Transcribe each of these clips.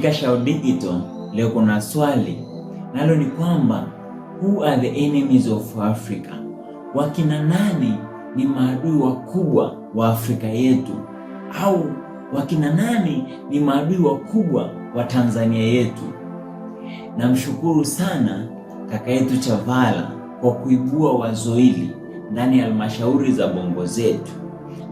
katika Shao Digital leo kuna swali nalo ni kwamba who are the enemies of Africa, wakina nani ni maadui wakubwa wa Afrika yetu, au wakina nani ni maadui wakubwa wa Tanzania yetu. Namshukuru sana kaka yetu Chavala kwa kuibua wazo hili ndani ya halmashauri za bongo zetu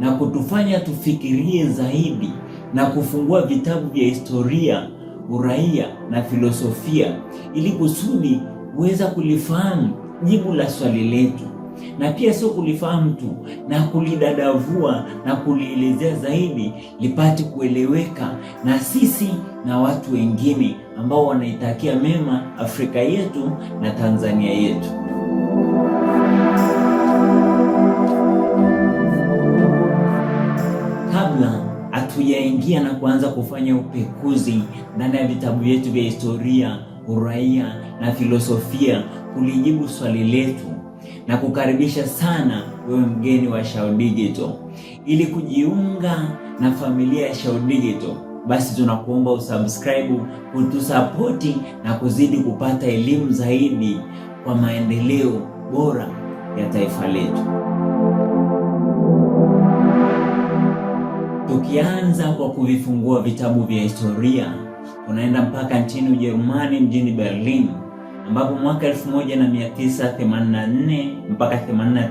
na kutufanya tufikirie zaidi na kufungua vitabu vya historia uraia na filosofia, ili kusudi kuweza kulifahamu jibu la swali letu, na pia sio kulifahamu tu, na kulidadavua na kulielezea zaidi, lipate kueleweka na sisi na watu wengine ambao wanaitakia mema Afrika yetu na Tanzania yetu. kuingia na kuanza kufanya upekuzi ndani ya vitabu vyetu vya historia, uraia na filosofia kulijibu swali letu na kukaribisha sana wewe mgeni wa Shao Digital ili kujiunga na familia ya Shao Digital. Basi tunakuomba usubscribe, kutusapoti na kuzidi kupata elimu zaidi kwa maendeleo bora ya taifa letu. Ukianza kwa kuvifungua vitabu vya historia, unaenda mpaka nchini Ujerumani mjini Berlin, ambapo mwaka 1984 mpaka 85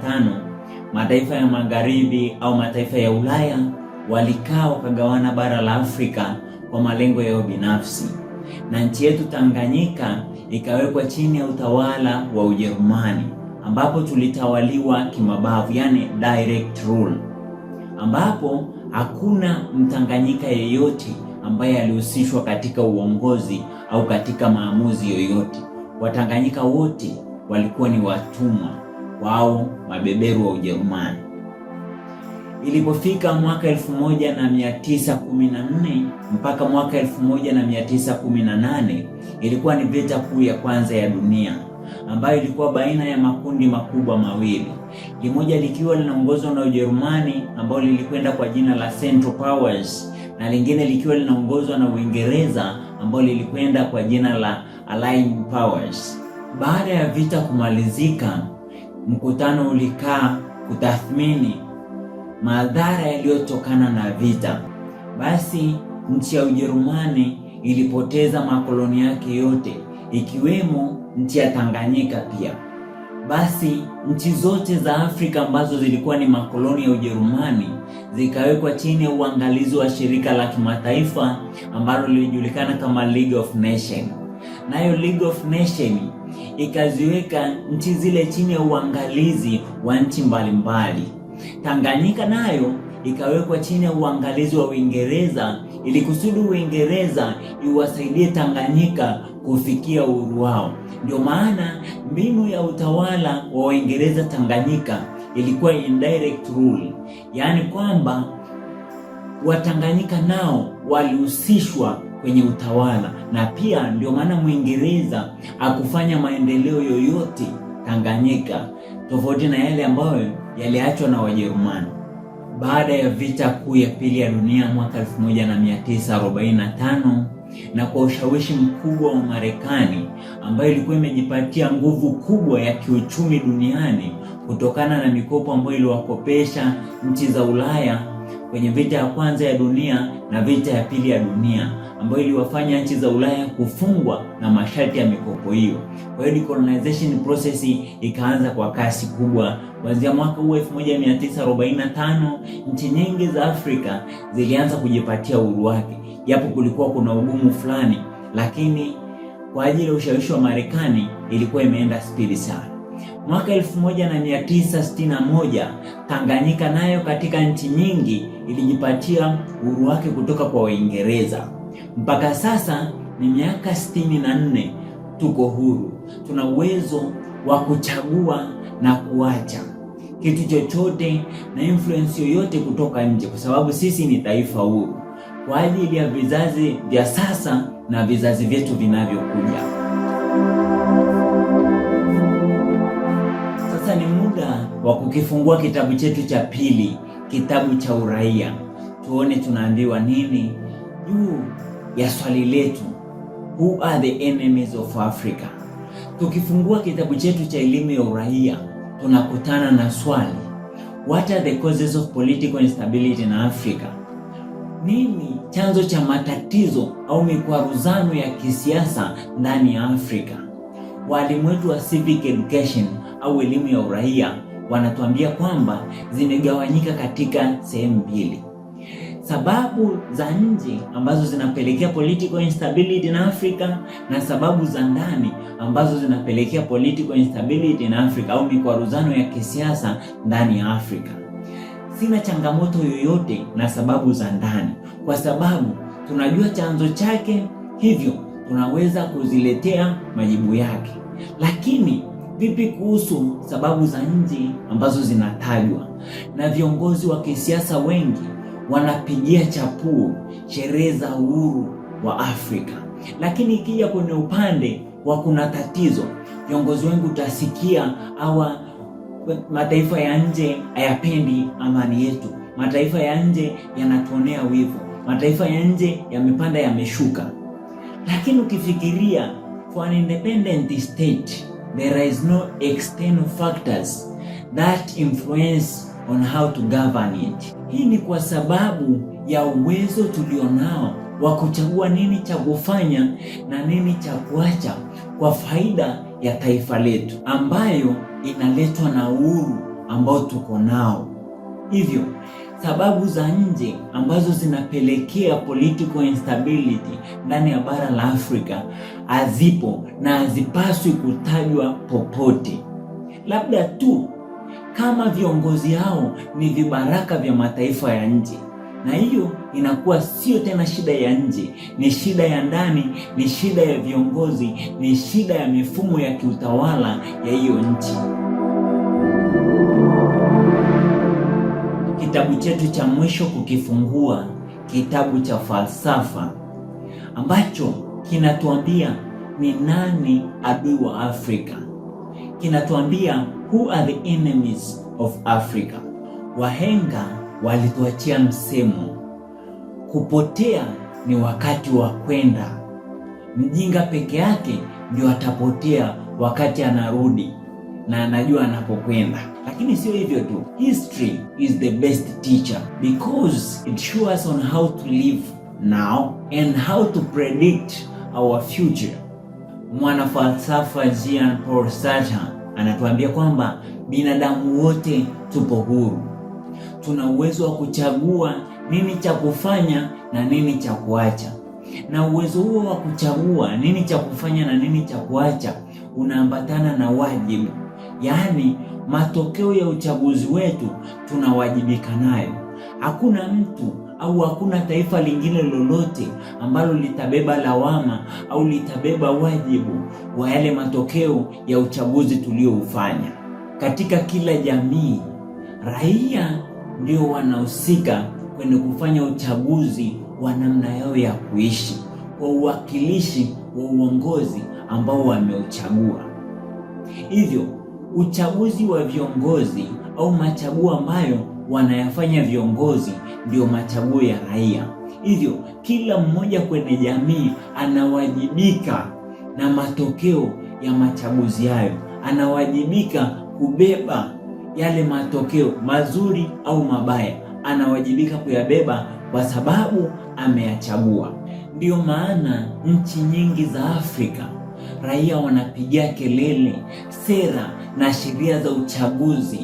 mataifa ya magharibi au mataifa ya Ulaya walikaa wakagawana bara la Afrika kwa malengo yao binafsi, na nchi yetu Tanganyika ikawekwa chini ya utawala wa Ujerumani, ambapo tulitawaliwa kimabavu, yani direct rule, ambapo hakuna Mtanganyika yeyote ambaye alihusishwa katika uongozi au katika maamuzi yoyote. Watanganyika wote walikuwa ni watumwa wao mabeberu wa Ujerumani. Ilipofika mwaka 1914 mpaka mwaka 1918 ilikuwa ni vita kuu ya kwanza ya dunia ambayo ilikuwa baina ya makundi makubwa mawili limoja likiwa linaongozwa na Ujerumani ambao lilikwenda kwa jina la Central Powers na lingine likiwa linaongozwa na Uingereza ambao lilikwenda kwa jina la Allied Powers. Baada ya vita kumalizika, mkutano ulikaa kutathmini madhara yaliyotokana na vita. Basi nchi ya Ujerumani ilipoteza makoloni yake yote ikiwemo nchi ya Tanganyika pia. Basi nchi zote za Afrika ambazo zilikuwa ni makoloni ya Ujerumani zikawekwa chini ya uangalizi wa shirika la kimataifa ambalo lilijulikana kama League of Nations. Nayo League of Nations ikaziweka nchi zile chini ya uangalizi wa nchi mbalimbali. Tanganyika nayo ikawekwa chini ya uangalizi wa Uingereza ili kusudi Uingereza iwasaidie Tanganyika kufikia uhuru wao. Ndio maana mbinu ya utawala wa Waingereza Tanganyika ilikuwa indirect rule, yaani kwamba Watanganyika nao walihusishwa kwenye utawala, na pia ndio maana Mwingereza akufanya maendeleo yoyote Tanganyika, tofauti na yale ambayo yaliachwa na Wajerumani. Baada ya vita kuu ya pili ya dunia mwaka 1945 na kwa ushawishi mkubwa wa Marekani ambayo ilikuwa imejipatia nguvu kubwa ya kiuchumi duniani kutokana na mikopo ambayo iliwakopesha nchi za Ulaya kwenye vita ya kwanza ya dunia na vita ya pili ya dunia ambayo iliwafanya nchi za Ulaya kufungwa na masharti ya mikopo hiyo. Kwa hiyo decolonization process ikaanza kwa kasi kubwa. Kuanzia mwaka huu 1945 nchi nyingi za Afrika zilianza kujipatia uhuru wake, japo kulikuwa kuna ugumu fulani, lakini kwa ajili ya ushawishi wa Marekani ilikuwa imeenda spidi sana. Mwaka 1961 Tanganyika nayo katika nchi nyingi ilijipatia uhuru wake kutoka kwa Waingereza. Mpaka sasa ni miaka 64 tuko huru, tuna uwezo wa kuchagua na kuacha kitu chochote na influence yoyote kutoka nje, kwa sababu sisi ni taifa huru kwa ajili ya vizazi vya sasa na vizazi vyetu vinavyokuja. wa kukifungua kitabu chetu cha pili, kitabu cha uraia, tuone tunaambiwa nini juu ya swali letu who are the enemies of Africa. Tukifungua kitabu chetu cha elimu ya uraia, tunakutana na swali what are the causes of political instability in Africa? Nini chanzo cha matatizo au mikwaruzano ya kisiasa ndani ya Afrika? Walimu wetu wa civic education au elimu ya uraia wanatuambia kwamba zimegawanyika katika sehemu mbili. Sababu za nje ambazo zinapelekea political instability in Africa na sababu za ndani ambazo zinapelekea political instability in Africa au mikwaruzano ya kisiasa ndani ya Afrika. Sina changamoto yoyote na sababu za ndani kwa sababu tunajua chanzo chake, hivyo tunaweza kuziletea majibu yake. Lakini Vipi kuhusu sababu za nje ambazo zinatajwa na viongozi wa kisiasa wengi wanapigia chapuo sherehe za uhuru wa Afrika, lakini ikija kwenye upande wa kuna tatizo, viongozi wengi utasikia hawa mataifa ya nje hayapendi amani yetu, mataifa ya nje yanatuonea wivu, mataifa ya nje yamepanda yameshuka. Lakini ukifikiria for an independent state there is no external factors that influence on how to govern it. Hii ni kwa sababu ya uwezo tulionao wa kuchagua nini cha kufanya na nini cha kuacha kwa faida ya taifa letu, ambayo inaletwa na uhuru ambao tuko nao hivyo sababu za nje ambazo zinapelekea political instability ndani ya bara la Afrika hazipo na hazipaswi kutajwa popote, labda tu kama viongozi hao ni vibaraka vya mataifa ya nje, na hiyo inakuwa sio tena shida ya nje, ni shida ya ndani, ni shida ya viongozi, ni shida ya mifumo ya kiutawala ya hiyo nchi kitabu chetu cha mwisho kukifungua, kitabu cha falsafa ambacho kinatuambia ni nani adui wa Afrika, kinatuambia who are the enemies of Africa. Wahenga walituachia msemo, kupotea ni wakati wa kwenda, mjinga peke yake ndio atapotea wakati anarudi na anajua anapokwenda. Lakini sio hivyo tu, history is the best teacher because it shows us on how to live now and how to predict our future. Mwanafalsafa Jean Paul Sartre anatuambia kwamba binadamu wote tupo huru, tuna uwezo wa kuchagua nini cha kufanya na nini cha kuacha, na uwezo huo wa kuchagua nini cha kufanya na nini cha kuacha unaambatana na wajibu yaani matokeo ya uchaguzi wetu tunawajibika nayo. Hakuna mtu au hakuna taifa lingine lolote ambalo litabeba lawama au litabeba wajibu wa yale matokeo ya uchaguzi tulioufanya. Katika kila jamii, raia ndio wanahusika kwenye kufanya uchaguzi wa namna yao ya kuishi kwa uwakilishi wa uongozi ambao wameuchagua. Hivyo uchaguzi wa viongozi au machaguo ambayo wanayafanya viongozi ndio machaguo ya raia. Hivyo kila mmoja kwenye jamii anawajibika na matokeo ya machaguzi hayo, anawajibika kubeba yale matokeo mazuri au mabaya, anawajibika kuyabeba kwa sababu ameyachagua. Ndiyo maana nchi nyingi za Afrika raia wanapigia kelele sera na sheria za uchaguzi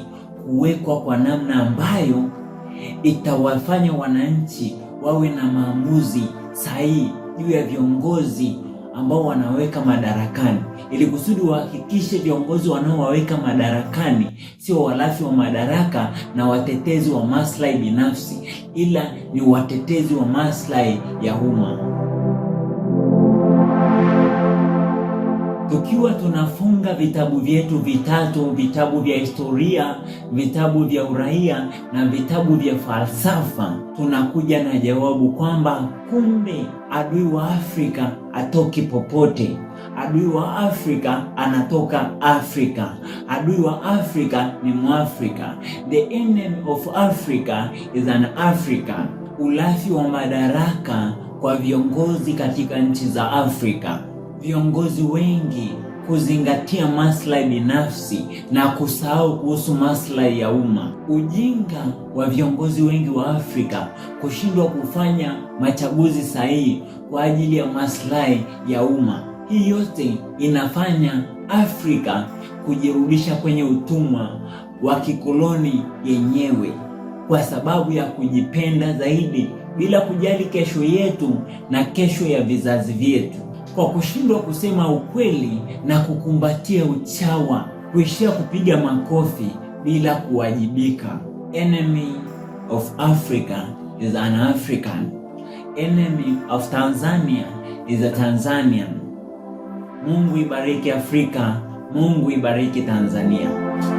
kuwekwa kwa namna ambayo itawafanya wananchi wawe na maamuzi sahihi juu ya viongozi ambao wanaweka madarakani, ili kusudi wahakikishe viongozi wanaowaweka madarakani sio walafi wa madaraka na watetezi wa maslahi binafsi, ila ni watetezi wa maslahi ya umma. tukiwa tunafunga vitabu vyetu vitatu, vitabu vya historia, vitabu vya uraia na vitabu vya falsafa, tunakuja na jawabu kwamba kumbe adui wa Afrika atoki popote. Adui wa Afrika anatoka Afrika. Adui wa Afrika ni Mwafrika. The enemy of Africa is an African. Ulafi wa madaraka kwa viongozi katika nchi za Afrika viongozi wengi kuzingatia maslahi binafsi na kusahau kuhusu maslahi ya umma. Ujinga wa viongozi wengi wa Afrika kushindwa kufanya machaguzi sahihi kwa ajili ya maslahi ya umma. Hii yote inafanya Afrika kujirudisha kwenye utumwa wa kikoloni yenyewe kwa sababu ya kujipenda zaidi bila kujali kesho yetu na kesho ya vizazi vyetu kwa kushindwa kusema ukweli na kukumbatia uchawa, kuishia kupiga makofi bila kuwajibika. Enemy of Africa is an African. Enemy of Tanzania is a Tanzanian. Mungu ibariki Afrika, Mungu ibariki Tanzania.